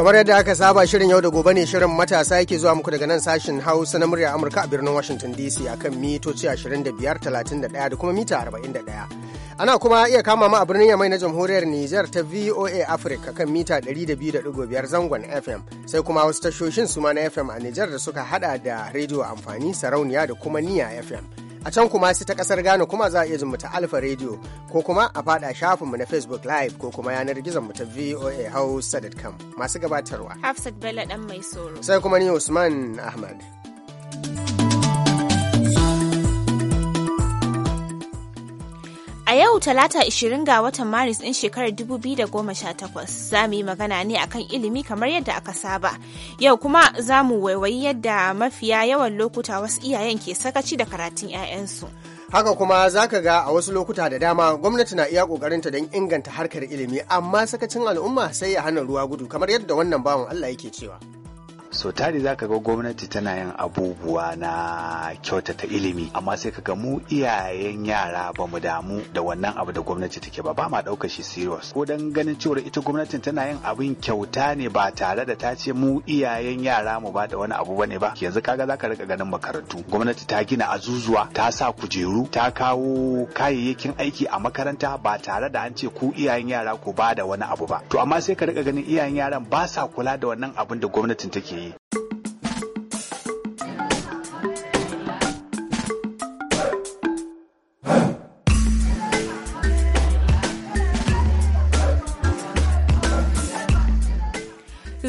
kamar yadda aka saba shirin yau da gobe ne shirin matasa yake zuwa muku daga nan sashin hausa na murya amurka a birnin washington dc akan mitoci 25 31 da kuma mita 41 ana kuma iya kama mu a birnin yamai na jamhuriyar niger ta voa africa kan mita 200.5 zangon fm sai kuma wasu tashoshin su ma na fm a niger da suka hada da rediyo amfani sarauniya da kuma niya fm A can kuma su ta kasar Ghana kuma za a iya jin ta Alfa Radio ko kuma a fada shafinmu na Facebook Live ko kuma yanar gizon mu ta VOA Hausa.com masu gabatarwa. Hafsat Bello dan mai soro. Sai kuma ni Usman Ahmad. A yau talata 20 ga watan Maris ɗin shekarar 2018 za mu yi magana ne akan ilimi kamar yadda aka saba. Yau kuma za mu waiwayi yadda mafiya yawan lokuta wasu iyayen ke sakaci da karatun 'ya'yansu. Haka kuma za ka ga a wasu lokuta da dama gwamnati na iya ƙoƙarinta don inganta harkar ilimi amma sakacin al'umma sai ya hana ruwa gudu kamar yadda wannan bawan Allah yake cewa. so tari za ka ga gwamnati tana yin abubuwa na kyautata ilimi amma sai ka ga mu iyayen yara ba mu damu da wannan abu da gwamnati take ba ba ma ɗauka shi serious ko dan ganin cewa ita gwamnatin tana yin abin kyauta ne ba tare da ta ce mu iyayen yara mu ba da wani abu bane ba yanzu kaga za ka rika ganin makarantu gwamnati ta gina azuzuwa ta sa kujeru ta kawo kayayyakin aiki a makaranta ba tare da an ce ku iyayen yara ku ba da wani abu ba to amma sai ka rika ganin iyayen yaran ba sa kula da wannan abin da gwamnatin take yi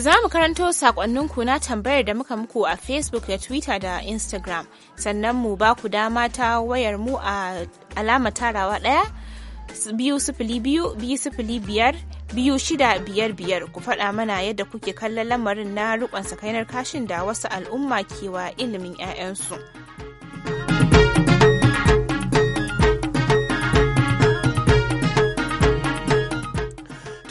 Za mu karanto sakonninku na tambayar da muka muku a Facebook da Twitter da Instagram, sannan mu ba ku dama ta wayar mu a alama tarawa ɗaya, biyu sifili biyu, biyu sifili biyar, biyu shida biyar biyar ku faɗa mana yadda kuke kallon lamarin na rikon sakainar kashin da wasu al'umma kewa ilimin 'ya'yansu.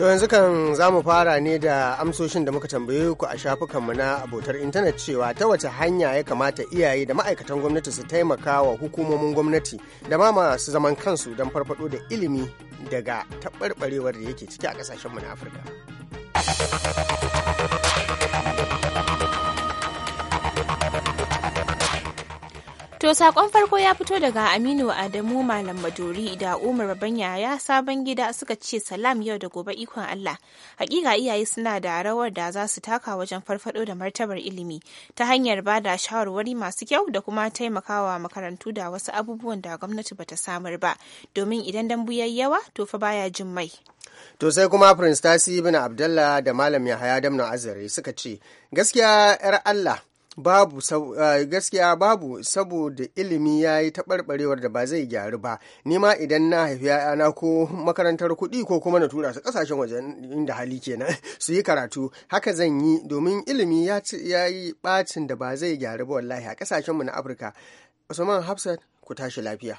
To yanzu kan za mu fara ne da amsoshin da muka tambaye ku a shafukanmu na abotar intanet cewa ta wace hanya ya kamata iyaye da ma'aikatan gwamnati su taimaka wa hukumomin gwamnati da ma masu zaman kansu don farfado da ilimi daga taɓarɓarewar da yake ciki a ƙasashenmu na Afirka. To sakon farko ya fito daga Aminu Adamu Malam Maduri da Umar Baban Yaya sabon gida suka ce salam yau da gobe ikon Allah. Hakika iyaye suna da rawar da za su taka wajen farfado da martabar ilimi ta hanyar ba da shawarwari masu kyau da kuma taimakawa makarantu da wasu abubuwan da gwamnati bata samar ba domin idan dambu yayi yawa to fa baya jin mai. To sai kuma Prince Tasi bin Abdallah da Malam Yahaya Damna Azare suka ce gaskiya 'yar Allah babu gaskiya babu saboda ilimi ya yi taɓarɓarewar da ba zai gyaru ba ni ma idan na haifi yana ko makarantar kuɗi ko kuma na tura su ƙasashen waje inda hali kenan su yi karatu haka zan yi domin ilimi ya yi ɓacin da ba zai gyaru ba wallahi a ƙasashenmu na afirka usman hafsat ku tashi lafiya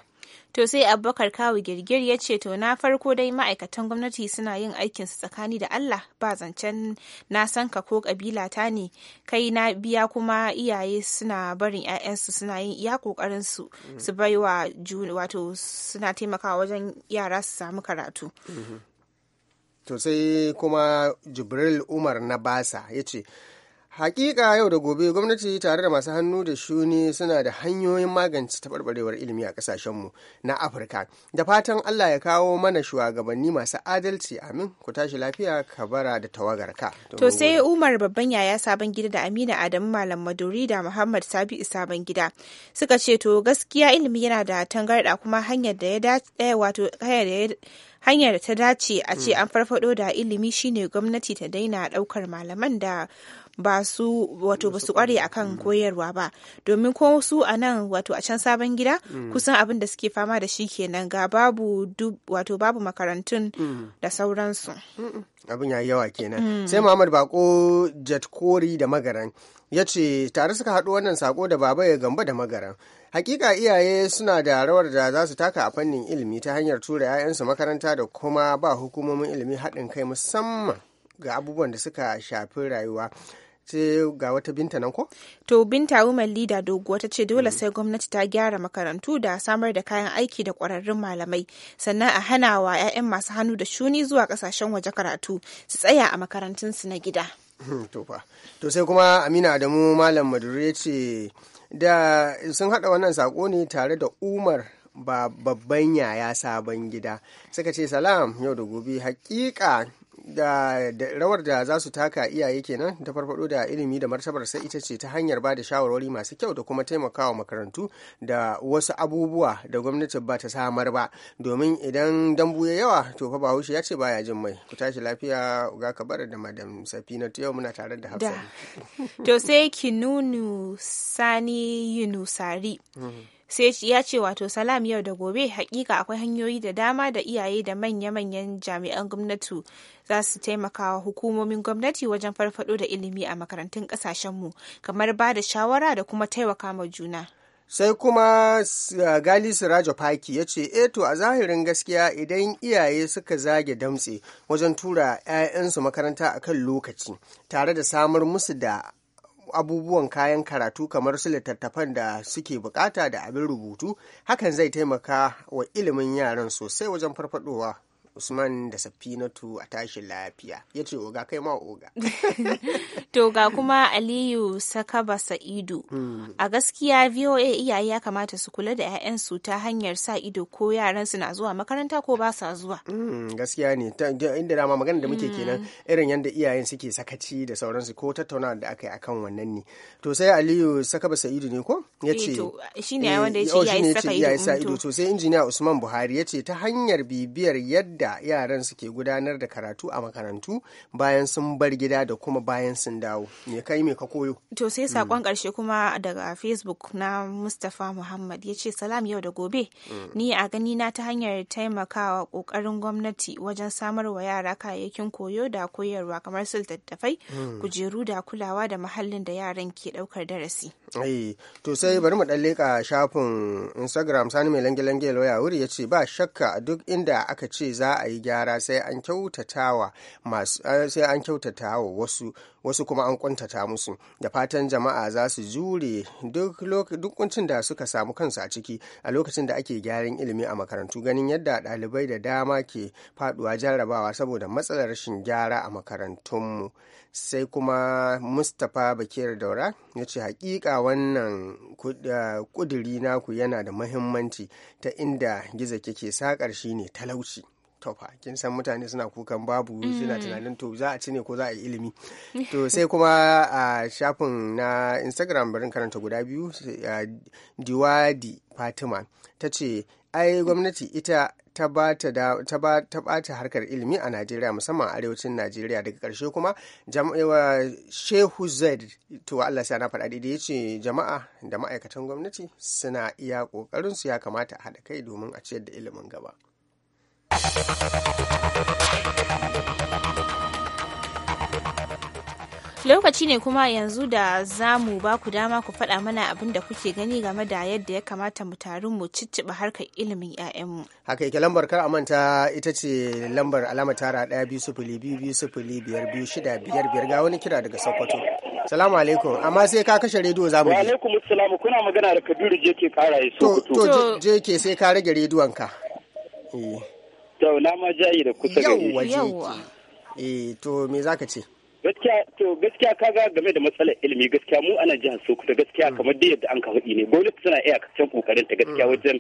To sai Abubakar Kawu Girgir ya ce to na farko dai ma'aikatan gwamnati suna yin aikin su tsakani da Allah ba zancen na san ka ko kabila ta ne kai na biya kuma iyaye suna barin 'ya'yansu suna yin iya kokarin su su bai baiwa wato suna taimakawa wajen yara su samu karatu. Mm-hmm. To sai kuma Jibril Umar na basa ya ce Hakika yau da gobe gwamnati tare da masu hannu da shuni suna da hanyoyin magance taɓarɓarewar ilimi a ƙasashenmu na Afirka. Da fatan Allah ya kawo mana shugabanni masu adalci amin ku tashi lafiya ka bara da tawagarka. To sai Umar babban yaya sabon gida da Amina Adamu Malam Maduri da Muhammad Sabi'u sabon gida suka ce to gaskiya ilimi yana da tangarɗa kuma hanyar da ya dace eh, wato hanyar da ya hanyar ta dace a ce hmm. an farfado da ilimi shine gwamnati ta daina ɗaukar malaman da ba su wato ba su kware akan mm. koyarwa ba domin ko su a nan wato a can sabon gida mm. kusan abin da suke fama da shi kenan ga babu wato babu makarantun mm. da sauransu abin ya yawa kenan sai muhammad bako jatkori da magaran ya ce tare suka haɗu wannan sako da baba ya gamba da magaran hakika iyaye suna da rawar da za su taka a fannin ilimi ta hanyar tura 'ya'yansu makaranta da kuma ba hukumomin ilimi haɗin kai musamman ga abubuwan da suka shafi rayuwa sai ga wata binta nan ko? To binta women leader doguwa ta ce dole sai gwamnati ta gyara makarantu da samar da kayan aiki da kwararrun malamai sannan a hana wa 'ya'yan masu hannu da shuni zuwa kasashen waje karatu su tsaya a makarantunsu na gida. Hmm, to sai kuma amina adamu malam ya ce da sun haɗa wannan sako ne tare da umar ba babban yaya sabon gida suka ce salam yau da gobe hakika da rawar da za su taka iyaye kenan ta farfado da ilimi da martabar sai ita ce ta hanyar ba da shawarwari masu kyau da kuma taimakawa makarantu da wasu abubuwa da gwamnati ba ta samar ba domin idan dambu ya yawa to fa bahaushe ya ce baya jin mai ku tashi lafiya ga kabar da madam safina yau muna tare da hafsa to sai kinunu sani yunusari mm sai ya ce wato salam yau da gobe hakika akwai hanyoyi da dama da iyaye da manya-manyan jami'an gwamnati za su taimaka hukumomin gwamnati wajen farfado da ilimi a makarantun kasashenmu kamar ba da shawara da kuma taimaka ma juna sai kuma uh, gali sirajo paki ya ce e to a zahirin gaskiya idan iyaye suka zage damtse wajen tura 'ya'yansu makaranta akan lokaci tare da samar musu da abubuwan kayan karatu kamar su littattafan da suke bukata da abin rubutu hakan zai taimaka wa ilimin yaran sosai wajen farfadowa usman da safinatu a tashi lafiya ya ce oga kai ma oga to ga kuma aliyu sakaba sa'idu hmm. a gaskiya voa iyaye ya kamata su kula da 'ya'yansu ta hanyar sa ido ko yaran su na zuwa makaranta ko ba sa zuwa hmm. gaskiya ne inda dama magana da muke kenan hmm. irin yadda iyayen suke sakaci da sauransu ko tattauna da aka yi akan wannan ne to sai aliyu sakaba sa'idu ne ko ya eh, ce shine wanda eh, oh, ya ce iyaye saka mm, ido to sai injiniya usman buhari ya ce ta hanyar bibiyar yadda yadda yaran suke gudanar da karatu a makarantu bayan sun bar gida da kuma bayan sun dawo me kai me ka koyo to sai sakon karshe mm. kuma daga facebook na mustapha muhammad ya ce salam yau da gobe mm. ni a gani na ta hanyar taimakawa kokarin gwamnati wajen samar wa yara kayayyakin koyo da koyarwa kamar su littattafai mm. kujeru da kulawa da muhallin da yaran ke daukar darasi to sai bari mu dan leka shafin instagram sani mai lange-lange lauya wuri ya ce ba shakka duk inda aka ce za za a yi gyara sai an kyautatawa masu eh, sai an wa wasu wasu kuma an kuntata musu da fatan jama'a za su jure duk kuncin da suka samu kansu a ciki a lokacin da ake gyaran ilimi a makarantu ganin yadda ɗalibai da dama ke faduwa jarrabawa saboda matsalar rashin gyara a makarantunmu sai kuma mustapha bakir daura ya ce hakika wannan kuduri eh, naku yana da mahimmanci ta inda gizo kike sakar ne talauci tofa kin san mutane suna kukan babu suna mm. tunanin to za a ci ne ko za a yi ilimi to sai kuma a shafin na instagram barin karanta guda biyu diwadi fatima ta ce ai gwamnati ita ta bata harkar ilimi a najeriya musamman arewacin najeriya daga karshe kuma jama'a eh, shehu zaid to allah sai na faɗa daidai ya ce jama'a da ma'aikatan gwamnati suna iya ƙoƙarinsu ya kamata a haɗa kai domin a ciyar da ilimin gaba lokaci ne kuma yanzu da za mu ba ku dama ku faɗa mana abin da kuke gani game da yadda ya kamata mu taru mu cicciɓa harkar ilimin 'ya'yanmu. haka yake lambar kar a manta ita ce lambar alama tara ɗaya biyu sufuli biyu biyu sufuli biyar biyu shida biyar biyar ga wani kira daga sokoto salamu alaikum amma sai ka kashe rediyo za mu ji. alaikum salamu kuna magana da kabiru je ke yi sokoto. to je ke sai ka rage rediyonka. Eh. Yau na ma jayi da kusa gari. Yawwa. Eh to me ka ce? gaskiya to gaskiya ka ga game da matsalar ilimi gaskiya mu ana jihar Sokoto gaskiya mm. kamar da yadda an ka faɗi ne gwamnati tana iya kacan kokarin ta gaskiya mm. wajen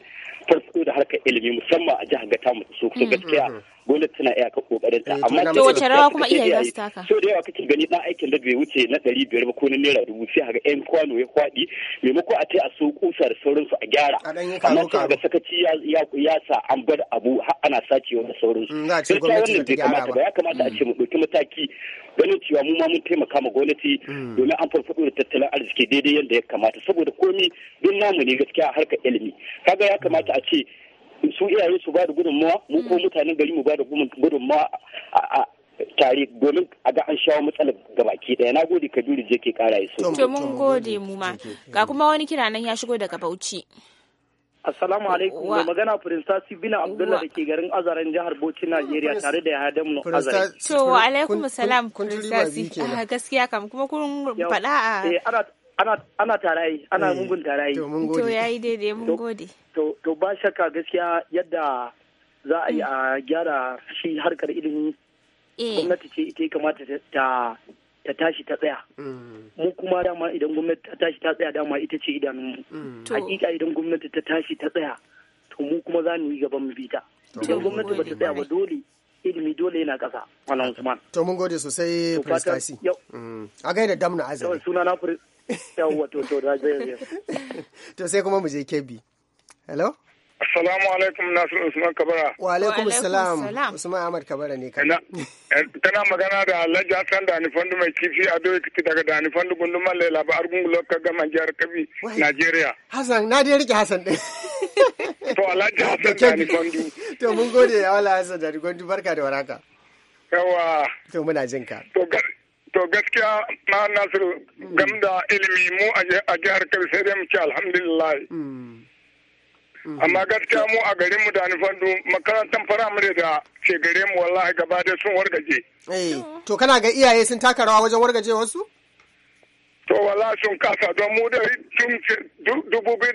farko da harkar ilimi musamman a jihar Gata mu Sokoto mm, gaskiya gwamnati tana iya kokarin ta eh, amma to wace rawa kuma iyaye za su taka so da yawa kake gani dan aikin da bai wuce na ɗari biyar ba ko na naira dubu sai haka yan kwano ya kwaɗi maimako a ce a so kusa da sauransu a gyara amma sai ga sakaci ya sa an bar abu har ana a da sauransu mm, sai ta wannan kamata ba ya kamata a mm. ce mu dauki mataki ganin cewa mu ma mun taimaka ma gwamnati mm. domin an farfaɗo da tattalin arziki daidai yadda ya kamata saboda komi duk namu ne gaskiya harkar ilimi kaga ya kamata a ce su iyaye su ba da gudunmawa mu ko mm. mutanen gari mu ba da gudunmawa tare domin a ga an shawo matsalar gabaki daya na gode ka je ke kara iso to mun gode mu ma ga kuma wani kira nan ya shigo daga bauchi Assalamu alaikum da magana Firinsa bina Abdullah da ke garin Azaren jihar Bauchi Najeriya tare da Yahaya Damno Azaren. To wa alaikum salam Firinsa a ah, gaskiya kam kuma kun faɗa a eh, ana tarayi ana eh. mungun tarayi to yayi daidai mun gode to ba shakka gaskiya yadda za a yi mm. a gyara shi harkar ilimi eh. gwamnati ce ita kamata ta ta tashi ta tsaya mm. mu kuma dama idan gwamnati ta tashi ta tsaya dama ita ce mu. Mm. hakika idan gwamnati ta tashi ta tsaya to mu kuma za mu yi gaban mu bita idan gwamnati ba ta tsaya ba dole ilimi dole yana ƙasa wannan usman to mun gode sosai prestasi a gaida damna azali suna na yawwa to to da zai to sai kuma mu je kebbi hello Assalamu alaikum Nasiru Usman Kabara. Wa alaikum salam Usman Ahmad Kabara ne ka Tana eh, magana da Alhaji Hassan da Anifandu mai kifi a doyi kiti daga da Anifandu gundumar Laila ba argun lokka gama jihar Kabi, Najeriya. Hassan, na dai rike Hassan din. To Alhaji Hassan da Anifandu. To mun gode ya wala Hassan da Anifandu barka da waraka. Yawa. To muna jinka. To To gaskiya ma Nasiru game da ilimi mu a jihar Kebbi sai dai mu ce alhamdulillah. Mm. Mm. Amma gaskiya mu a garin mu da nufandu makarantar firamare da ke gare mu wallahi gaba dai sun wargaje. Eh, to kana ga iyaye sun taka rawa wajen wargaje wasu? To wala sun kasa don mu da tun dubu biyu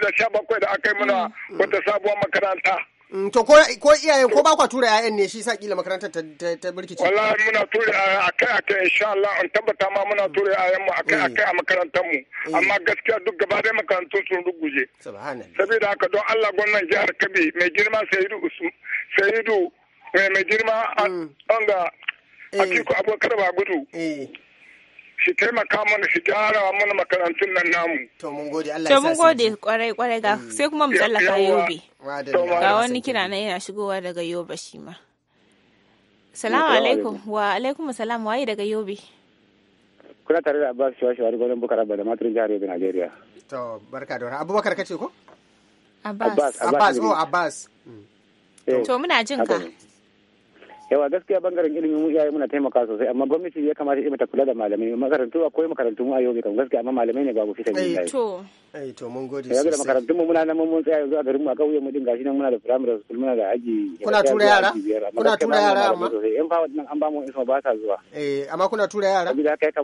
da sha bakwai da aka yi muna mm. wata sabuwar makaranta. Mm, to ko iyaye ko ba kwa tura 'ya'yan ne shi sa kila makarantar ta ta birkice wallahi muna tura akai akai insha Allah an tabbata ma muna tura 'ya'yan mu akai akai mm. a makarantar mu mm. amma gaskiya duk gaba ɗaya makarantun sun ruguje saboda haka don Allah gwamnan jihar Kabi mai girma Sayidu Usman Sayidu mai girma an ga eh. Atiku Abubakar Bagudu eh. shi taimaka mana shi gyara mana makarantun nan namu. To mun gode Allah ya sa. To mun gode kwarai kwarai ga mm. sai kuma mu tsallaka Yobe. Ga wani kira na yana shigowa daga Yobe shi ma. Salamu alaikum wa alaikum salam waye daga Yobe. Kuna tare da Abbas Shawashi wani gwamnan Bukar Abba da Maturin Jihar Yobe Najeriya. To barka da wani Abubakar kace ko? Abbas. Abbas oh Abbas. Mm. Eh, to muna jin ka. yawa gaskiya bangaren ilimin mu iyaye muna taimaka sosai amma gwamnati ya kamata ita ta kula da malamai makarantu akwai makarantu mu a yau kan gaskiya amma malamai ne babu fitan eh, yin to eh to mun gode sosai da makarantu mu muna nan mun tsaya yanzu a garin mu a kauye mu din gashi nan muna da primary school muna da aji kuna tura yara kuna tura yara amma yan fa wannan an ba mu isa ba ta zuwa eh amma kuna tura yara abi da kai ka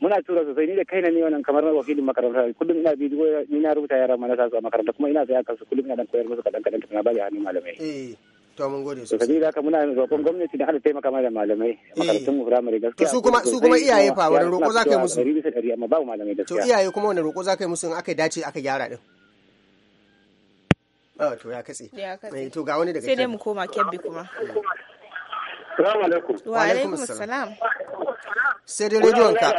muna tura sosai ni da kaina ne wannan kamar wakilin makaranta kullum ina bidiyo ni na rubuta yara mana sa zuwa makaranta kuma ina tsaya kan su kullum ina dan koyar musu kadan kadan na ba ya hannun malamai eh to mun gode sosai sabida haka muna roƙon gwamnati da hada taimaka mana malamai eh. makarantun mu firamare gaskiya su kuma su kuma iyaye fa wani roƙo za musu amma malamai gaskiya to iyaye kuma wani roƙo za yi musu in aka dace aka gyara din ah, to ya katse. Ya katse. Eh, to ga wani daga Sai dai mu koma kebbi kuma. alaikum. Wa alaikum salam. Sai dai rediyon ka.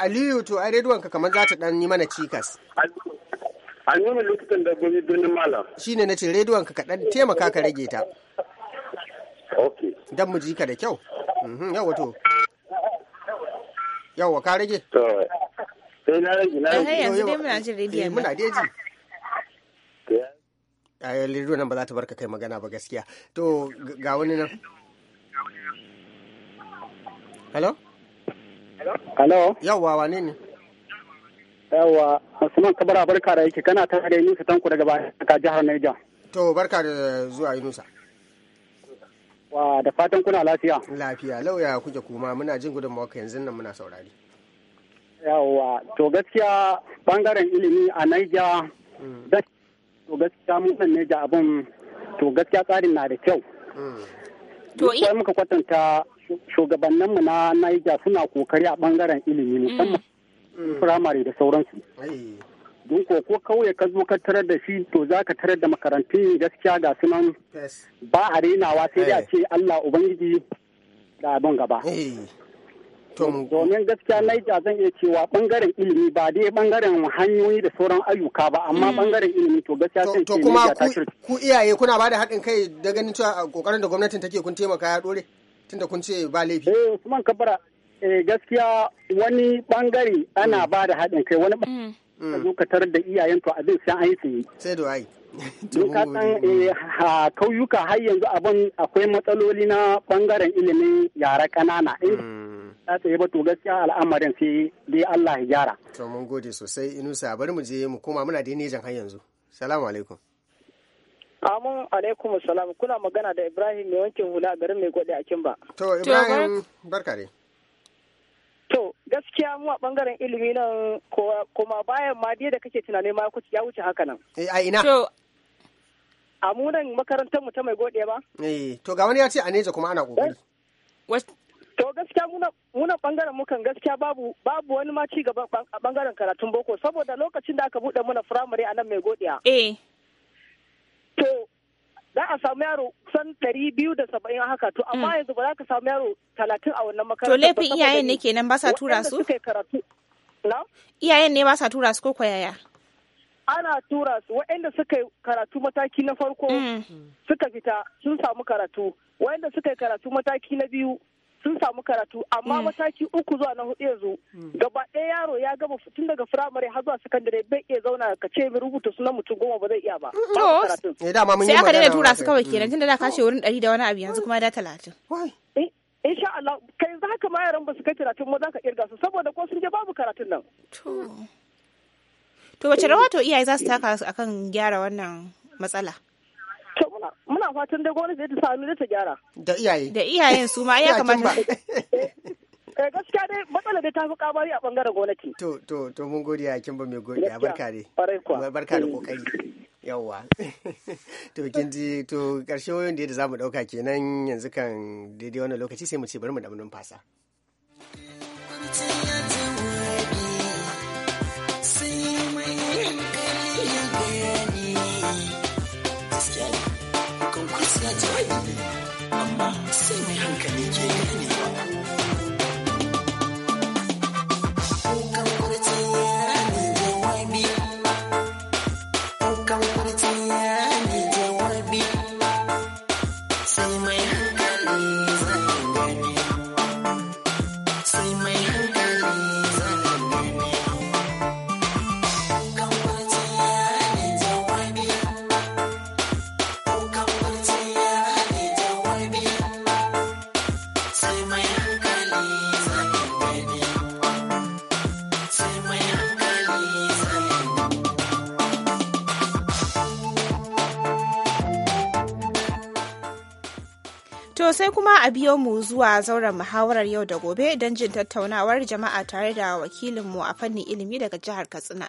Aliyu to ai rediyon ka kamar za ta dan yi mana cikas. an nuna lokutan dabbobi birnin malam shi ne na ce rediyon ka kaɗan taimaka ka rage ta ok dan mu ji ka da kyau mhm, yau wato yau wa ka rage to sai eh, na rage na rage eh, yanzu dai muna jin rediyon eh, muna deji ji a rediyon nan ba za ta barka kai magana ba gaskiya to ga wani nan hello hello yau wa wane ne Yawa, Usman Kabara barka da yake kana tare da Yunusa tanku daga Baka jihar Naija? To barka da zuwa Yunusa. Wa da fatan kuna lafiya. Lafiya, lauya kuke kuma muna jin gudun ka yanzu nan muna saurari. Yawa, to gaskiya bangaren ilimi a Naija, mm. to gaskiya mun nan Niger abin to gaskiya tsarin na da kyau. Mm. To in muka kwatanta shugabanninmu na Naija suna kokari a bangaren ilimi mm. musamman Mm. firamare da sauransu don ko ko kauye ka zo ka tarar da shi to za ka tarar da makarantun gaskiya ga su nan ba a renawa sai da ce Allah ubangiji da abin gaba domin gaskiya naija zan iya cewa bangaren ilimi ba dai bangaren hanyoyi da sauran ayyuka ba amma bangaren mm. ilimi to gaskiya sai to kuma ku iyaye kuna ba da haɗin kai da ganin cewa kokarin da gwamnatin take kun taimaka ya dore tunda kun ce ba laifi eh Usman Kabara Eh, gaskiya wani bangare ana mm. ba da haɗin kai wani bangare mm. mm. zo ka tarar da iyayen to abin sai an yi tsaye. Sai do ai. Don ka san eh, kauyuka har yanzu abin akwai matsaloli na bangaren ilimin yara ƙanana. Eh, ta tsaye ba to gaskiya al'amarin sai dai Allah ya gyara. To mun gode sosai Inusa bari mu je mu koma muna da nejan har yanzu. Salamu alaikum. Amin alaikum salam kuna magana da Ibrahim mai wankin hula garin mai gode a Kimba. To Ibrahim barka dai. To gaskiya mu a bangaren ilimi nan kuma bayan ma da kake tunanin ma ya wuce haka nan. Eh a ina. To a mu nan makarantar mu ta mai gode ba. Eh to ga wani ya ce a neja kuma ana kokari. Eh, to gaskiya muna muna bangaren mukan gaskiya babu babu wani ma ci gaba a bangaren karatun boko saboda lokacin da aka bude muna firamare a nan mai godiya. Eh. To za a samu yaro kusan ɗari biyu da saba'in haka to amma mm. yanzu ba za ka samu yaro talatin a wannan makarantar. To laifin iyayen ne kenan ba sa tura su? suka karatu. Iyayen ne ba sa tura su ko yaya? Ana tura su waɗanda suka karatu mataki na farko mm. suka fita sun samu karatu waɗanda suka karatu mataki na biyu sun samu karatu amma mm. mataki uku zuwa na hudu yanzu gama tun daga firamare har zuwa sakandare bai iya zauna ka ce mai rubuta sunan mutum goma ba zai iya ba. Eh, Sai aka daina tura su kawai kenan mm. tun da ka kashe wurin ɗari da wani abu yanzu kuma da talatin. Eh, insha Allah kai za ka ma yaran ba su kai karatun ma za ka kirga su saboda ko sun je babu karatun nan. To wace rawa to iyaye za su taka akan gyara wannan matsala? To muna fatan da gwamnati zai ta sami hannu ta gyara. Da iyaye. Da iyayen su ma ya kamata. Eh gaskiya dai matsala dai ta fi kamari a bangaren gwamnati. To to to mun gode ya kin ba mai godiya barka dai. Barka da kokari. yawwa to kin ji to karshe wayoyin da mu dauka kenan yanzu kan daidai wannan lokaci sai mu ce bari mu da fasa. a biyo mu zuwa zauren muhawarar yau da gobe don jin tattaunawar jama'a tare da wakilinmu a fannin ilimi daga jihar Katsina,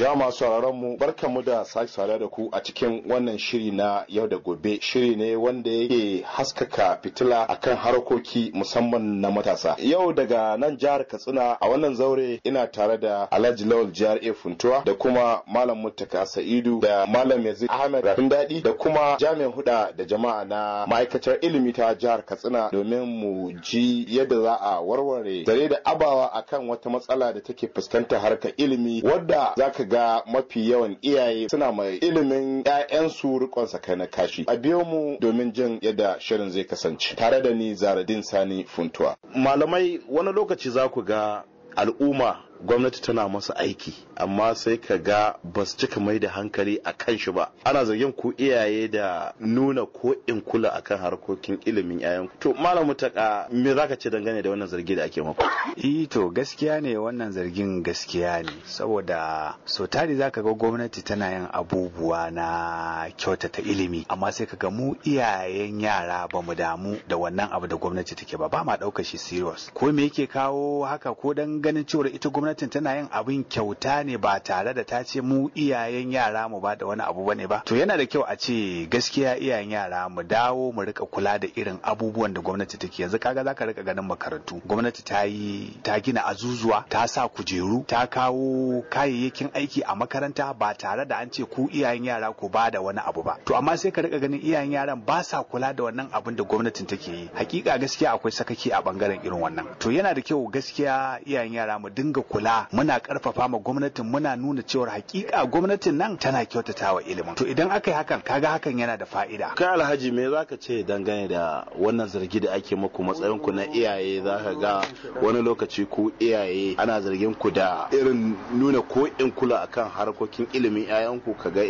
Jama'a sauraron mu barkanmu da sake saurare da ku a cikin wannan shiri na yau da gobe. Shiri ne wanda yake haskaka fitila akan harkoki musamman na matasa. Yau daga nan jihar Katsina a wannan zaure ina tare da Alhaji Lawal GRA Funtuwa da kuma Malam Mutaka Sa'idu da Malam Yazid Ahmed Rafin Daɗi da kuma jami'in huda da jama'a na ma'aikatar ilimi ta jihar Katsina domin mu ji yadda za a warware zare da abawa akan wata matsala da take fuskanta harkar ilimi wadda za ka. ga mafi yawan iyaye suna mai ilimin 'ya'yansu rikon sakai na kashi a biyo mu domin jin yadda shirin zai kasance tare da ni zaradin sani funtuwa malamai wani lokaci za ku ga al'umma gwamnati tana masa aiki amma sai ka ga ba su cika mai da hankali a kan shi ba ana zargin ku iyaye da nuna ko in kula akan harkokin ilimin yayan to malam mutaka me zaka ce dangane da wannan zargi da ake maka eh to gaskiya ne wannan zargin gaskiya ne saboda so tari zaka ga gwamnati tana yin abubuwa na kyautata ilimi amma sai ka ga mu iyayen yara ba mu damu da wannan abu da gwamnati take ba ba ma daukar shi serious ko me yake kawo haka ko dan ganin cewa ita gwamnati gwamnatin tana yin abin kyauta ne ba tare da ta ce mu iyayen yara mu ba da wani abu bane ba to yana da kyau a ce gaskiya iyayen yara mu dawo mu rika kula da irin abubuwan da gwamnati take yanzu kaga zaka rika ganin makarantu gwamnati ta yi ta gina azuzuwa ta sa kujeru ta kawo kayayyakin aiki a makaranta ba tare da an ce ku iyayen yara ku ba da wani abu ba to amma sai ka rika ganin iyayen yaran ba sa kula da wannan abin da gwamnatin take yi hakika gaskiya akwai sakaki a bangaren irin wannan to yana da kyau gaskiya iyayen yara mu dinga kula kula muna karfafa ma gwamnatin muna nuna cewar hakika gwamnatin nan tana kyautata wa ilimin to idan aka yi hakan kaga hakan yana da fa'ida kai alhaji me zaka ce dangane da wannan zargi da ake muku matsayin ku na iyaye zaka ga wani lokaci ku iyaye ana zargin ku da irin nuna ko in kula akan harkokin ilimin ƴaƴanku kaga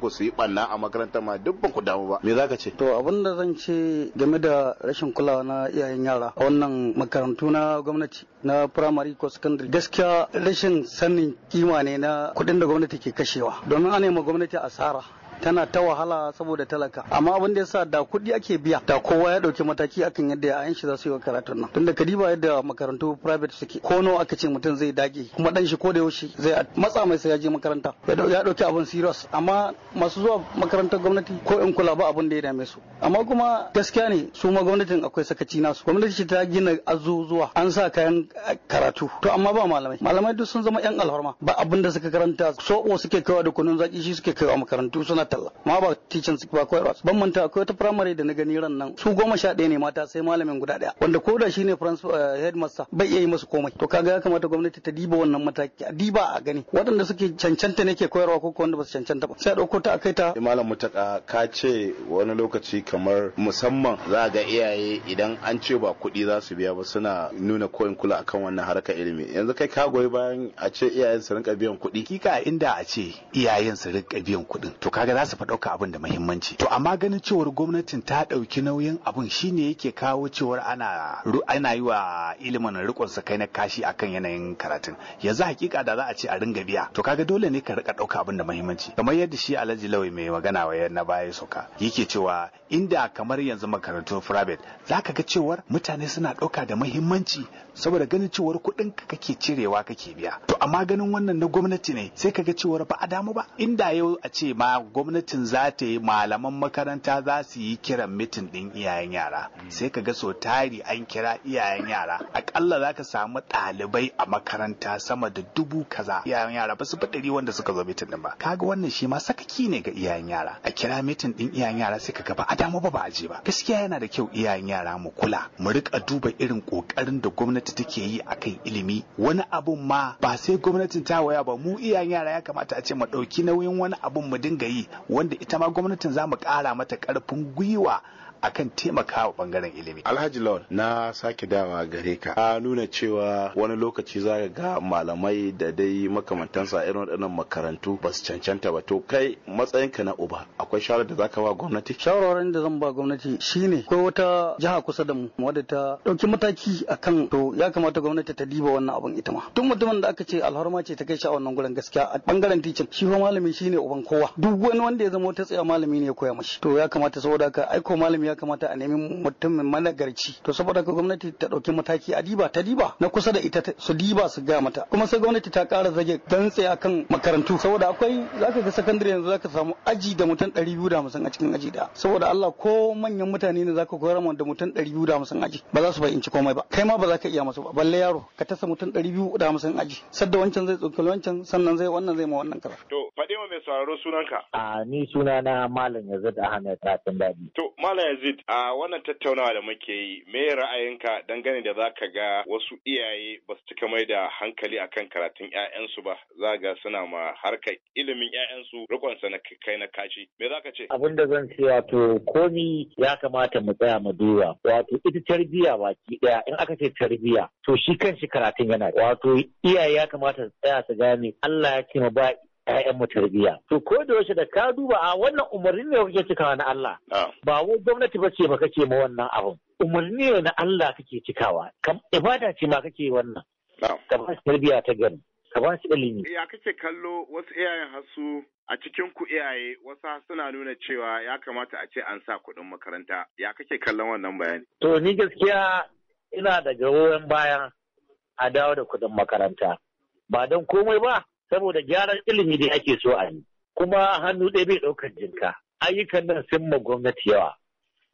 ku su yi banna a makarantar ma duk ba ku damu ba me zaka ce to abin da zan ce game da rashin kulawa na iyayen yara a wannan makarantu na gwamnati na primary ko secondary gaskiya ita rashin sanin kima ne na kuɗin da gwamnati ke kashewa domin ana ma gwamnati asara tana ta wahala saboda talaka amma abin da yasa da kuɗi ake biya da kowa ya ɗauki mataki akan yadda yayan shi za su yi wa karatun nan tunda kadiba yadda makarantu private suke ko nawa aka ce mutum zai dage kuma dan shi ko da yaushe zai matsa mai sai ya je makaranta ya ɗauki abin serious amma masu zuwa makarantar gwamnati ko in kula ba abin da ya dame su amma kuma gaskiya ne su ma gwamnatin akwai sakaci nasu gwamnati ta gina azuzuwa an sa kayan karatu to amma ba malamai malamai duk sun zama yan alfarma ba abin da suka karanta soɓo suke kaiwa da kunun zaki shi suke kaiwa makarantu suna talla ma ba teaching ba koyarwa ban manta akwai wata primary da na gani ran nan su goma sha ɗaya ne mata sai malamin guda ɗaya wanda ko da shine eh, headmaster bai iya yi masu komai to kaga ya kamata gwamnati ta diba wannan mataki a diba a gani waɗanda suke cancanta ne ke koyarwa ko wanda ba su cancanta ba sai a ɗauko ta a kai ta eh, malam mutaka ka ce wani lokaci kamar musamman za ga iyaye idan an ce ba kuɗi za su biya ba suna nuna koyin kula akan wannan harkar ilimi yanzu kai ka goyi bayan a ce iyayen su rinka biyan kuɗi kika inda a ce iyayen su rinka biyan kuɗin to kaga za su faɗo ka abin da muhimmanci to amma ganin cewar gwamnatin ta ɗauki nauyin abin shine yake kawo cewar ana ana yi wa ilimin rikon sa kai na kashi akan yanayin karatun yanzu hakika da za a ce a ringa biya to kaga dole ne ka rika ɗauka abin da muhimmanci kamar yadda shi Alhaji Lawai mai magana wa na baya soka yake cewa inda kamar yanzu makarantun private ka ga cewar mutane suna ɗauka da muhimmanci saboda ganin cewar kuɗin ka kake cirewa kake biya to amma ganin wannan na gwamnati ne sai kaga cewar ba a damu ba inda yau a ce ma gwamnatin za ta yi malaman makaranta za su yi kiran mitin din iyayen yara hmm. sai ka ga so tari an kira iyayen yara akalla za ka samu ɗalibai a makaranta sama da dubu kaza iyayen yara ba su faɗari wanda suka zo mitin ɗin ba kaga wannan shi ma sakaki ne ga iyayen yara a kira mitin din iyayen yara sai ka ga ba a damu ba ba a je ba gaskiya yana da kyau iyayen yara mu kula mu rika duba irin ƙoƙarin da gwamnati take yi akan ilimi wani abun ma ba sai gwamnatin ta waya ba mu iyayen yara ya kamata a ce mu ɗauki nauyin wani abun mu dinga yi wanda ita ma gwamnatin za mu ƙara mata ƙarfin gwiwa akan taimakawa bangaren ilimi alhaji lawal na sake dawa gare ka a nuna cewa wani lokaci za ga malamai da dai makamantansa irin waɗannan makarantu ba su cancanta ba to kai matsayinka na uba akwai shawarar da za ka ba gwamnati shawararin da zan ba gwamnati shine ko wata jiha kusa da mu wadda ta ɗauki mataki akan to ya kamata gwamnati ta diba wannan abin ita ma Tun mutumin da aka ce alharma ce ta kai shi a wannan gurin gaskiya a bangaren ticin shi fa malami shine uban kowa duk wani wanda ya zama wata tsaya malami ne ya koya mashi to ya kamata saboda ka aiko malami kamata a nemi mutumin managarci to saboda ka gwamnati ta ɗauki mataki a diba ta diba na kusa da ita su diba su ga mata kuma sai gwamnati ta ƙara zage dantse akan makarantu saboda akwai zaka ga sakandare yanzu zaka samu aji da mutum ɗari biyu da hamsin a cikin aji da saboda Allah ko manyan mutane ne zaka koyar da mutum ɗari biyu da hamsin aji ba za su inci komai ba kai ma ba za ka iya masu ba balle yaro ka tasa mutum ɗari biyu da hamsin aji sadda wancan zai tsokali wancan sannan zai wannan zai ma wannan kaza. To faɗi mai sauraro sunanka. A ni sunana Malam Yazid Ahmed Ratin Dadi. To Malam Yazid, a wannan tattaunawa da muke yi, me ra'ayinka dangane da za ka ga wasu iyaye ba su cika mai da hankali akan karatun 'ya'yansu ba, za ga suna ma harkar ilimin 'ya'yansu rikonsa na kai na kashi. Me za ka ce? Abin da zan ce wato komi ya kamata mu tsaya mu duba. Wato ita tarbiyya baki ɗaya in aka ce tarbiyya to shi kanshi karatun yana wato iyaye ya kamata su tsaya su gane Allah ya ce ma ba Ƴaƴan mu tarbiyya. To ko da yaushe da ka duba a wannan umarni ne kake cikawa na Allah. Ah. Ba wai gwamnati ba ce ba kake ma wannan abun. Umarni ne na Allah kake cikawa. Kam ibada ce ma kake wannan. Ah. Ka ba tarbiyya ta gani. Ka ba su ilimi. Ya kake kallo wasu iyayen hasu a cikin ku iyaye wasu suna nuna cewa ya kamata a ce an sa kuɗin makaranta. Ya kake kallon wannan bayani? To ni gaskiya ina da goyon bayan a dawo da kuɗin makaranta. Ba don komai ba, saboda gyaran ilimi da ake so a yi kuma hannu ɗaya bai ɗaukar jinka ayyukan nan sun ma gwamnati yawa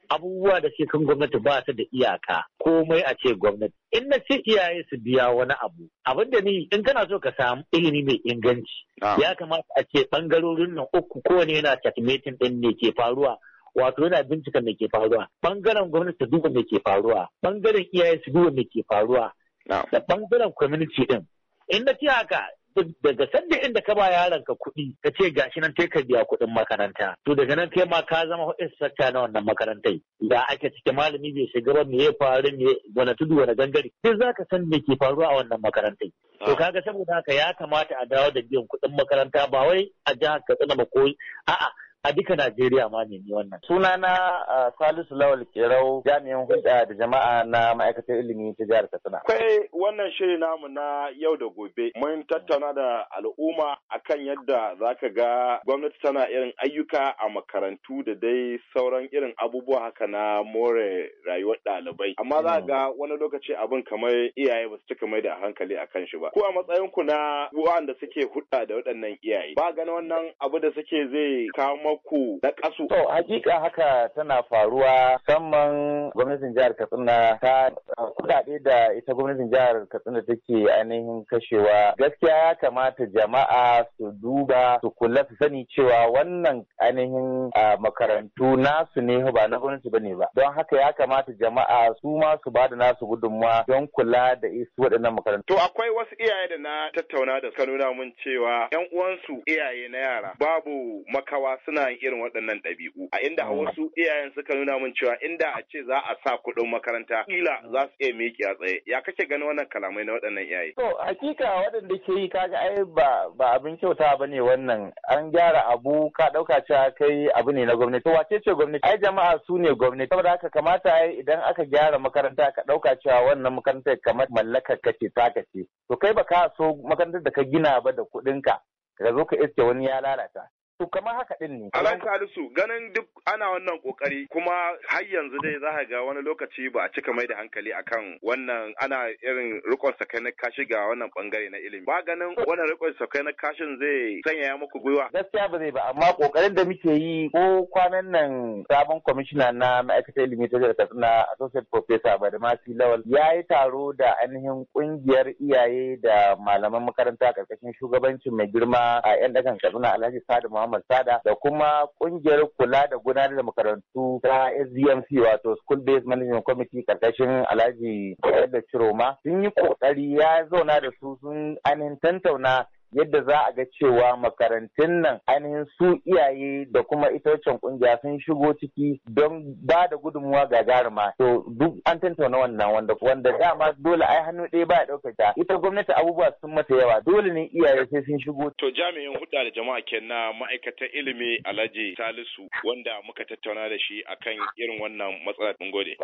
abubuwa da ke kan gwamnati ba su da iyaka komai a ce gwamnati in na ce iyaye su biya wani abu abin da ni in kana so ka samu ilimi mai inganci ah. ya kamata a ce bangarorin nan uku kowane yana checkmating ɗin ne ke faruwa wato yana bincika me ke faruwa bangaren gwamnati ta duba me ke faruwa bangaren iyaye su duba me ke faruwa ah. da bangaren community din in na ce haka daga sanda inda ka ba yaron ka kuɗi ka ce gashi nan kai ka biya kuɗin makaranta to daga nan kai ma ka zama instructor na wannan makarantar. da ake cike malami bai shiga ba me ya faru me wani tudu wani gangare sai ka san me ke faruwa a wannan makaranta to ah. kaga saboda haka ya kamata a dawo da biyan kuɗin makaranta ba wai a jihar Katsina ba ko a'a a duka Najeriya ma ne wannan. Suna na Salisu Lawal Kerau jami'in hulɗa da jama'a na ma'aikatar ilimi ta jihar Katsina. Kai wannan shirin namu na yau da gobe mun tattauna da al'umma akan yadda za ka ga gwamnati tana irin ayyuka a makarantu da dai sauran irin abubuwa haka na more rayuwar ɗalibai. Amma za ga wani lokaci abin kamar iyaye ba su cika mai da hankali a kan shi ba. Ko a matsayin ku na da suke hulɗa da waɗannan iyaye. Ba gani wannan abu da suke zai kawo taimako na kasu. To hakika haka tana faruwa musamman gwamnatin jihar Katsina ta kudade da ita gwamnatin jihar Katsina take ainihin kashewa gaskiya ya kamata jama'a su duba su kula su sani cewa wannan ainihin makarantu nasu ne ba na gwamnati ba ne ba don haka ya kamata jama'a su ma su ba da nasu gudunmawa don kula da isu waɗannan makarantu. To akwai wasu iyaye da na tattauna da suka nuna mun cewa 'yan uwansu iyaye na yara babu makawa suna suna yin irin waɗannan ɗabi'u a inda a mm. wasu iyayen suka nuna min cewa inda a ce za a sa kuɗin makaranta kila za su iya miƙe a tsaye ya kake ganin wannan kalamai na waɗannan iyaye. to hakika waɗanda ke yi kaga ai ba ba abin kyauta ba ne wannan an gyara abu ka ɗauka cewa kai abu ne na gwamnati wace ce gwamnati ai jama'a su ne gwamnati saboda haka kamata ai idan aka gyara makaranta ka ɗauka cewa wannan makarantar kamar mallakar kace taka ce to kai ba ka so makarantar da ka gina ba da kuɗinka ka zo ka iske wani ya lalata To kamar haka din ne. Alan Salisu ganin duk ana wannan kokari kuma har yanzu dai za ga wani lokaci ba a cika mai da hankali akan wannan ana irin rikon sakai na kashi ga wannan bangare na ilimi. Ba ganin wannan rikon sakai na kashin zai sanya muku gwiwa. Gaskiya ba zai ba amma kokarin da muke yi ko kwanan nan sabon kwamishina na ma'aikatar ilimi ta jihar Katsina Associate Professor Badamasi Lawal ya yi taro da ainihin kungiyar iyaye da malaman makaranta a karkashin shugabancin mai girma a 'yan ɗagan Katsina Alhaji Sadu Muhammad Ahmad Sada da kuma kungiyar kula da gudanar da makarantu ta SDMC wato School Based Management Committee karkashin Alhaji da Ciroma sun yi kokari ya zauna da su sun anin tantauna yadda za a ga cewa makarantun nan ainihin su iyaye da kuma ita kungiya sun shigo ciki don ba da gudunmuwa gagaruma to duk an tantauna wannan wanda wanda dama dole ai hannu ɗaya ba ɗauka ta ita gwamnati abubuwa sun mata yawa dole ne iyaye sai sun shigo to jami'in hudda da jama'a kenan ma'aikatan ilimi Alhaji Salisu wanda muka tattauna da shi akan irin wannan matsalar mun gode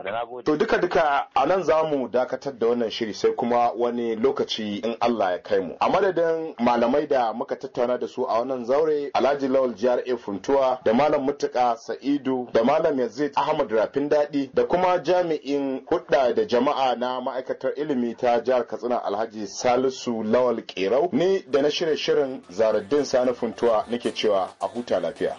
to duka duka a nan za mu dakatar da wannan shiri sai kuma wani lokaci in Allah ya kai mu a madadin malamai da muka tattauna da su a wannan zaure Alhaji Lawal GRA Funtuwa da Malam Mutuka Sa'idu da Malam Yazid Ahmad Rafin Daɗi da kuma jami'in hudda da jama'a na ma'aikatar ilimi ta jihar Katsina Alhaji Salisu Lawal Kerau ni da na shirye shirin Zaruddin Sani Funtuwa nake cewa a huta lafiya.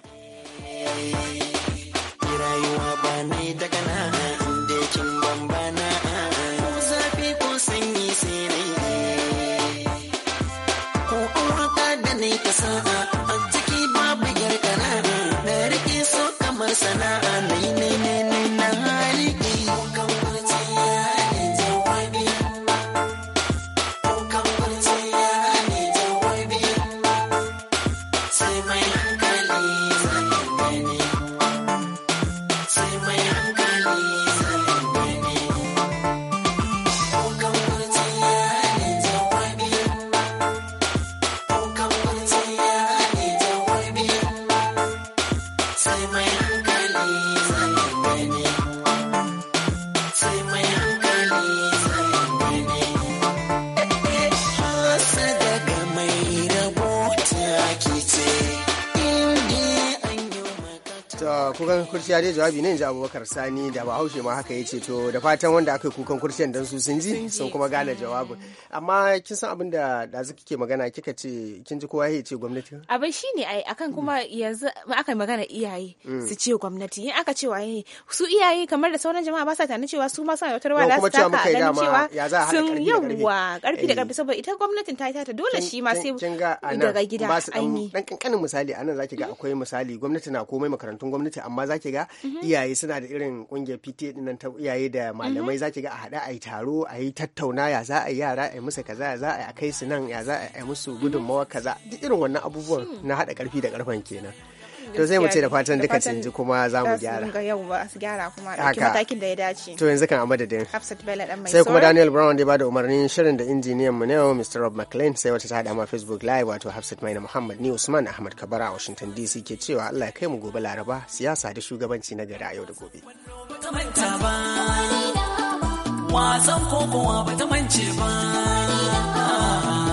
kurciya dai jawabi ne in ji abubakar sani da bahaushe ma haka ya ce to da fatan wanda aka yi kukan kurciyan dan su sun ji sun kuma gane jawabin amma kin san abin da ɗazu ke magana kika ce kin ji kowa ya ce gwamnati abin shine ai akan kuma yanzu aka magana iyaye mm. su ce gwamnati in aka ce waye su iyaye kamar da sauran jama'a ba sa tana cewa su ma suna da tarwa da su ta a dan cewa sun yawa karfi da karfi eh. saboda ita gwamnatin ta ta dole shi ma sai daga gida an dan kankanin misali anan zaki ga akwai misali gwamnati na komai makarantun gwamnati amma zaki ga mm-hmm. iyaye suna da irin kungiyar PTA dinnan ta iyaye da malamai mm-hmm. zaki ga a hada a yi taro a yi tattauna ya za a yi yara yi musu kaza za a kai su nan ya za a yi musu gudunmawa kaza duk irin wannan abubuwan hmm. na haɗa ƙarfi da ƙarfan kenan to sai mu ce da fatan duka canji kuma za mu gyara yauwa su to yanzu kan a madadin sai kuma Daniel Brown da ba da umarnin shirin da injiniyan mu ne Mr Rob McLean sai wata ta hada ma Facebook live wato Hafsat Maina Muhammad ni Usman Ahmad Kabara a Washington DC ke cewa Allah ya kai mu gobe Laraba siyasa da shugabanci na gari a yau da gobe wasan kokowa ba ta mance ba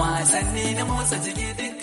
wasanni na motsa jiki